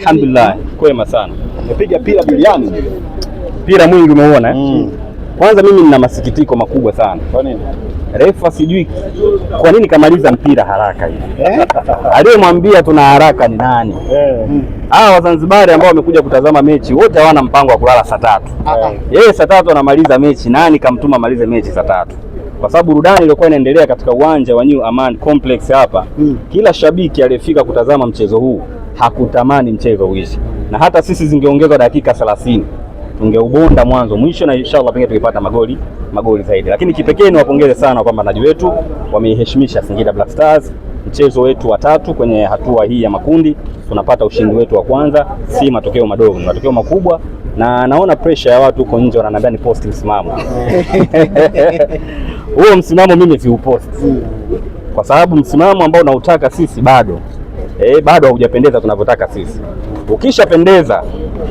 Alhamdulillah, kwema sana. Nimepiga pira biliani, pira mwingi umeona eh? Mm. Kwanza mimi nina masikitiko makubwa sana. Kwa nini? Refa sijui kwa nini kamaliza mpira haraka hivi eh? Aliyemwambia tuna haraka ni nani? Eh. Hawa eh, Wazanzibari ambao wamekuja kutazama mechi wote hawana mpango wa kulala saa tatu eh. Yeye saa tatu anamaliza mechi, nani kamtuma amalize mechi saa tatu? Kwa sababu burudani iliyokuwa inaendelea katika uwanja wa New Aman Complex hapa hmm, kila shabiki aliyefika kutazama mchezo huu hakutamani mchezo uishi, na hata sisi zingeongezwa dakika 30 tungeubonda mwanzo mwisho, na inshallah pengine tungepata magoli magoli zaidi. Lakini kipekee ni wapongeze sana kwamba wetu wameiheshimisha Singida Black Stars, mchezo wetu wa tatu kwenye hatua hii ya makundi, tunapata ushindi wetu wa kwanza. Si matokeo madogo, ni matokeo makubwa, na naona pressure ya watu huko nje wananiambia ni post msimamo huo msimamo mimi siupost, kwa sababu msimamo ambao nautaka sisi bado eh, bado haujapendeza tunavyotaka sisi. Ukishapendeza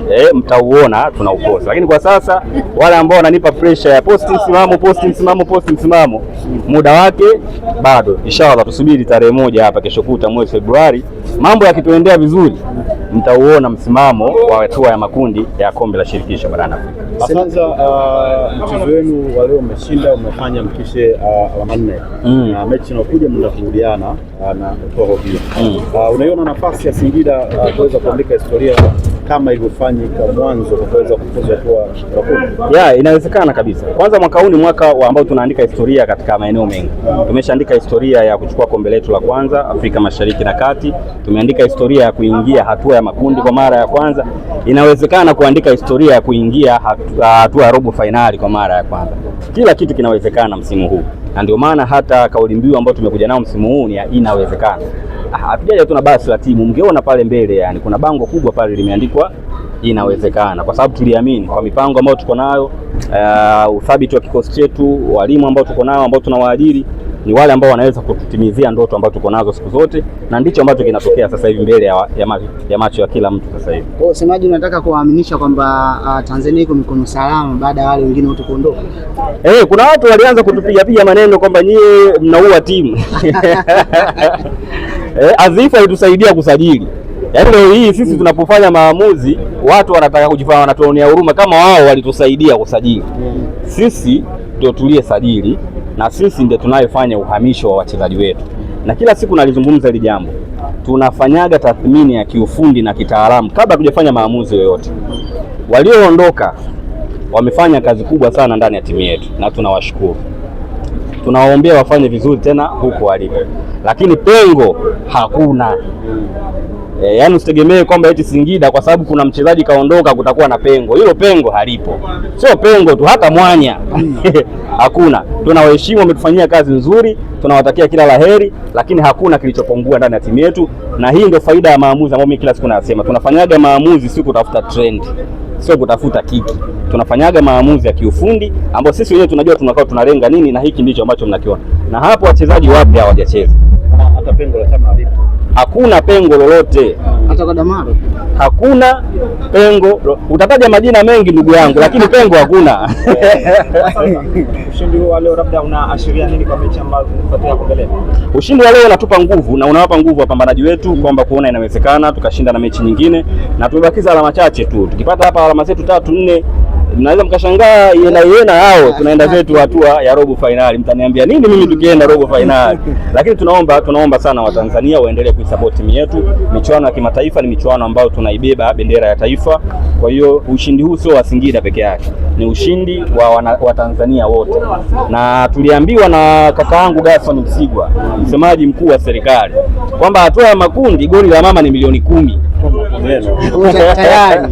eh, mtauona tuna tunaukosa. Lakini kwa sasa wale ambao wananipa pressure ya posti msimamo, posti msimamo, posti msimamo, muda wake bado. Inshallah tusubiri tarehe moja hapa kesho kuta mwezi Februari, mambo yakituendea vizuri mtauona msimamo wa hatua ya makundi ya kombe la shirikisho barani Afrika. Kwanza uh, mchezo wenu wa leo umeshinda umefanya mkishe uh, alama nne mm. na mechi inayokuja mnakurudiana uh, na kutoa hobia. Mm. Unaiona nafasi ya Singida kuweza kuandika historia kama ilivyofanyika mwanzo kuweza kufuzwa kuwa wakuu? Yeah, inawezekana kabisa. Kwanza mwaka huu ni mwaka ambao tunaandika historia katika maeneo mengi. Tumeshaandika historia ya kuchukua kombe letu la kwanza Afrika Mashariki na Kati, tumeandika historia ya kuingia hatua ya makundi kwa mara ya kwanza. Inawezekana kuandika historia ya kuingia ah, hatua ya robo fainali kwa mara ya kwanza. Kila kitu kinawezekana msimu huu, na ndio maana hata kauli mbiu ambayo tumekuja nao msimu huu ni inawezekana. Ah, hatujaja tu na basi la timu, mngeona pale mbele, yani kuna bango kubwa pale limeandikwa inawezekana, kwa sababu tuliamini kwa mipango ambayo tuko nayo, uh, uthabiti wa kikosi chetu, walimu ambao tuko nao ambao tunawaajiri ni wale ambao wanaweza kututimizia ndoto ambazo tuko nazo siku zote, na ndicho ambacho kinatokea sasa hivi mbele ya, ya, macho, ya macho ya kila mtu sasa hivi. Kwa semaji, unataka kuwaaminisha kwamba uh, Tanzania iko mikono salama baada ya wale wengine wote kuondoka. Eh, kuna watu walianza kutupigapiga maneno kwamba nyie mnaua timu eh, adhifa itusaidia kusajili. Yaani leo hii sisi mm. tunapofanya maamuzi, watu wanataka kujifanya wanatuonea huruma kama wao walitusaidia kusajili. Mm. Sisi ndio sajili na sisi ndio tunayofanya uhamisho wa wachezaji wetu, na kila siku nalizungumza hili jambo tunafanyaga tathmini ya kiufundi na kitaalamu kabla tujafanya maamuzi yoyote. Walioondoka wamefanya kazi kubwa sana ndani ya timu yetu na tunawashukuru tunawaombea wafanye vizuri tena huko walipo, lakini pengo hakuna. E, yaani usitegemee kwamba eti Singida kwa sababu kuna mchezaji kaondoka kutakuwa na pengo. Hilo pengo halipo, sio pengo tu, hata mwanya hakuna. Tunawaheshimu, wametufanyia kazi nzuri, tunawatakia kila laheri, lakini hakuna kilichopungua ndani ya timu yetu, na hii ndio faida ya maamuzi ambayo mimi kila siku nasema, tunafanyaga maamuzi si kutafuta trend sio kutafuta kiki. Tunafanyaga maamuzi ya kiufundi ambao sisi wenyewe tunajua tunakao tunalenga nini, na hiki ndicho ambacho mnakiona, na hapo wachezaji wapya hawajacheza, hata pengo la chama halipo, hakuna pengo lolote hata Kadamaro hakuna pengo. Utataja majina mengi ndugu yangu, lakini pengo hakuna. Ushindi wa leo labda unaashiria nini kwa mechi ambazo zinafuatia mbele? Ushindi wa leo unatupa nguvu na unawapa nguvu wapambanaji wetu kwamba kuona inawezekana tukashinda na mechi nyingine, na tumebakiza alama chache tu, tukipata hapa alama zetu tatu nne mnaweza mkashangaa yena yena hao tunaenda zetu hatua ya robo fainali. Mtaniambia nini mimi tukienda robo fainali? Lakini tunaomba tunaomba sana Watanzania waendelee kuisupport timu yetu. Michuano ya kimataifa ni michuano ambayo tunaibeba bendera ya taifa. Kwa hiyo ushindi huu sio wa Singida peke yake, ni ushindi wa Watanzania wote, na tuliambiwa na kaka yangu Gaston Msigwa, msemaji mkuu wa serikali, kwamba hatua ya makundi goli la mama ni milioni kumi. tayari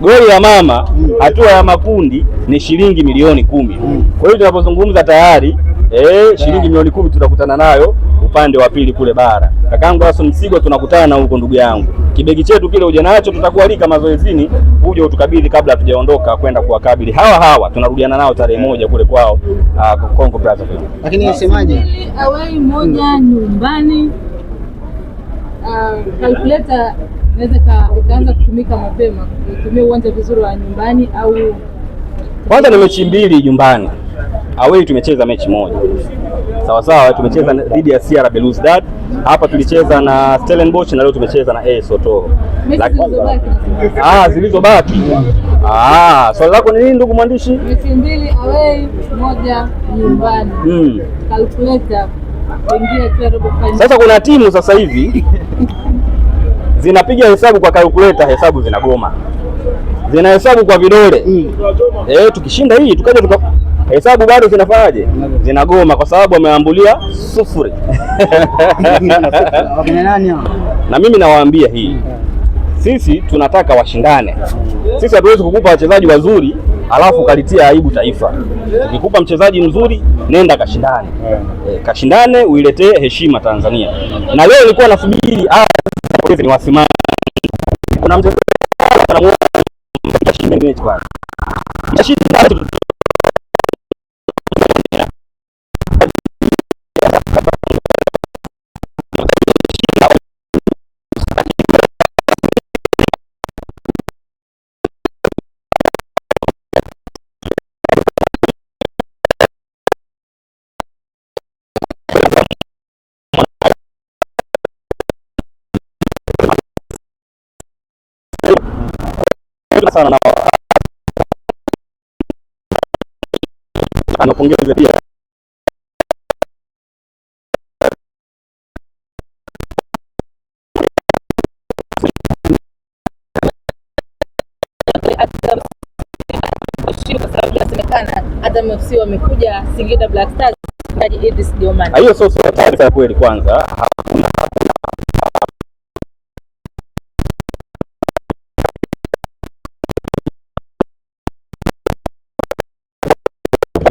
goli ya mama hatua ya makundi ni shilingi milioni kumi. Kwa hiyo tunapozungumza tayari eh, shilingi milioni kumi tutakutana nayo upande wa pili kule bara. Kakaangu aso Msigwa tunakutana na huko ndugu yangu. Kibegi chetu kile uje nacho, tutakualika mazoezini uje utukabidhi kabla hatujaondoka kwenda kuwakabili hawa hawa. Tunarudiana nao tarehe moja kule kwao ah, Kongo Plaza. Lakini nisemaje? Awai moja nyumbani. Ah, calculator inaweza ikaanza kutumika mapema, kutumia uwanja vizuri wa nyumbani au kwanza ni mechi mbili nyumbani. Awali tumecheza mechi moja sawa sawa, tumecheza dhidi ya CR Belouizdad hapa, tulicheza na Stellenbosch na leo tumecheza na AS Otoro. Ah, zilizobaki ah, swali lako ni nini ndugu mwandishi? Mechi mbili awali, moja nyumbani. Mm. Calculator. ingia kwa Sasa kuna timu sasa hivi zinapiga hesabu kwa kalkuleta, hesabu zinagoma, zinahesabu kwa vidole mm. Eh, tukishinda hii tukaja tuka hesabu bado zinafanyaje? Zinagoma kwa sababu wameambulia sufuri. na mimi nawaambia hii, sisi tunataka washindane. Sisi hatuwezi kukupa wachezaji wazuri alafu kalitia aibu taifa. Ukikupa mchezaji mzuri, nenda kashindane, eh, kashindane uiletee heshima Tanzania. Na leo nilikuwa nasubiri wapoteze ni wasimami. Kuna mchezaji anamuona mchezaji mwingine sana na anapongeza pia Azam FC wamekuja Singida Black Stars, ah, hiyo sio sio taarifa ya kweli kwanza. hapo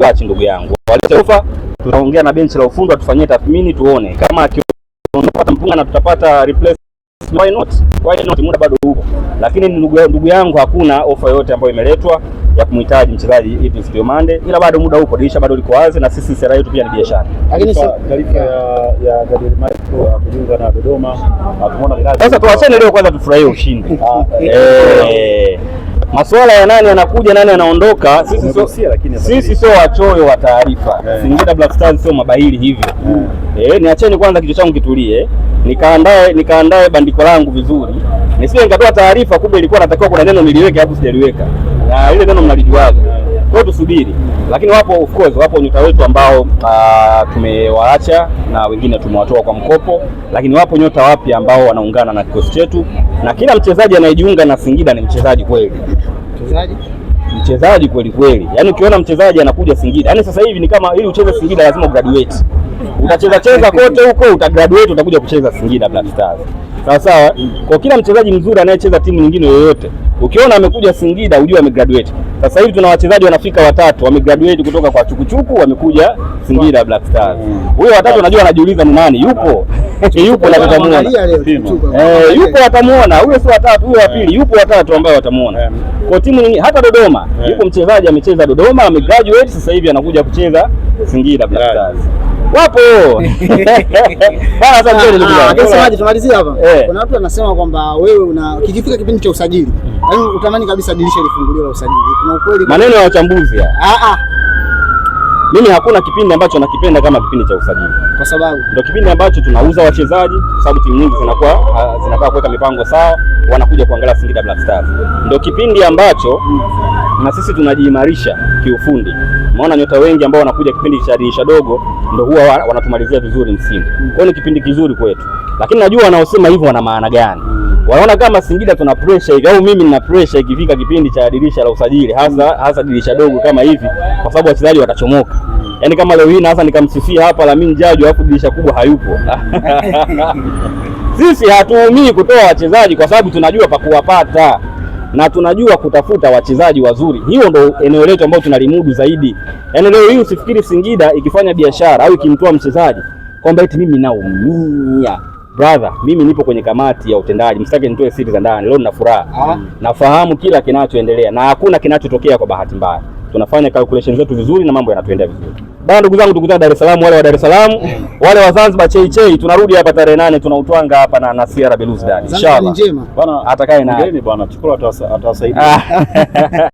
uchache ndugu yangu. Waliofa tunaongea na benchi la ufundi atufanyie tathmini tuone kama akiondoka mpunga na tutapata replacement. why not? Why not? Muda bado huko, lakini ndugu yangu, hakuna ofa yoyote ambayo imeletwa ya kumhitaji mchezaji Evans mande, ila bado muda upo, dirisha bado liko wazi, na sisi sera yetu pia ni biashara. Lakini taarifa ya Gabriel Michael kujiunga na Dodoma, tumeona sasa, tuwachane leo kwanza, tufurahie ushindi ah, eh Masuala ya nani anakuja nani anaondoka, sisi sio sisi sio wachoyo wa taarifa yeah. Singida Black Stars sio mabahili hivyo yeah. Mm. E, niacheni kwanza kichwa changu kitulie, nikaandae nikaandae bandiko langu vizuri nisije nikatoa taarifa, kumbe ilikuwa natakiwa kuna neno niliweke hapo sijaliweka, na ile neno mnalijuaza Kwa hiyo tusubiri, lakini wapo of course, wapo nyota wetu ambao ah, tumewaacha na wengine tumewatoa kwa mkopo, lakini wapo nyota wapya ambao wanaungana na kikosi chetu, na kila mchezaji anayejiunga na Singida ni mchezaji kweli, mchezaji mchezaji kweli kweli, yaani ukiona mchezaji anakuja Singida, yaani sasa hivi ni kama ili ucheze Singida lazima ugraduate utacheza cheza kote huko, utagraduate utakuja kucheza Singida Black Stars. Sawa sawa. Kwa kila mchezaji mzuri anayecheza timu nyingine yoyote, ukiona amekuja Singida ujue amegraduate. Sasa hivi tuna wachezaji wanafika watatu wamegraduate kutoka kwa chukuchuku wamekuja Singida Black Stars. Huyo watatu unajua anajiuliza ni nani? Yupo. Yupo na tutamuona. Eh, yupo watamuona. Huyo si watatu, huyo wa pili eh. yupo watatu ambao watamuona. Eh. Kwa timu nyingine hata Dodoma, eh. yupo mchezaji amecheza Dodoma, amegraduate sasa hivi anakuja kucheza Singida Black Stars wapo ah, eh. Kuna watu wanasema kwamba wewe una kikifika kipindi cha usajili, yaani utamani kabisa dirisha lifunguliwe la usajili. Kuna ukweli maneno ya wachambuzi ah, ah. mimi hakuna kipindi ambacho nakipenda kama kipindi cha usajili, kwa sababu ndio kipindi ambacho tunauza wachezaji, kwa sababu timu nyingi zinakuwa zinakaa kuweka mipango sawa, wanakuja kuangalia Singida Black Stars. Ndio kipindi ambacho na sisi tunajiimarisha kiufundi. Umeona nyota wengi ambao wanakuja kipindi cha dirisha dogo ndio huwa wanatumalizia vizuri msimu. Mm. Kwa hiyo ni kipindi kizuri kwetu, lakini najua wanaosema hivyo wana maana gani? Mm. Wanaona kama Singida tuna pressure hivi au mimi nina pressure ikifika kipindi cha dirisha la usajili, hasa mm. hasa dirisha dogo kama hivi, kwa sababu wachezaji watachomoka. Yaani kama leo hii na hasa nikamsifia hapa Lamin Jajo, alafu dirisha kubwa hayupo sisi hatuumii kutoa wachezaji kwa sababu tunajua pa kuwapata na tunajua kutafuta wachezaji wazuri. Hiyo ndo eneo letu ambalo tunalimudu zaidi. Yaani leo hii usifikiri Singida ikifanya biashara au ikimtoa mchezaji kwamba eti mimi naumia. Brother, mimi nipo kwenye kamati ya utendaji, msitake nitoe siri za ndani. Leo nina furaha, ah. nafahamu kila kinachoendelea na hakuna kinachotokea kwa bahati mbaya. Tunafanya calculation zetu vizuri na mambo yanatuendea vizuri. Bana ndugu zangu, tukutane Dar es Salaam, wale wa Dar es Salaam, eh. wale wa Zanzibar chei chei, tunarudi hapa tarehe nane tunautwanga hapa na Nasia Rabelouz Inshallah. Bana atakaye Ngeni Bana chukua atawasaidia.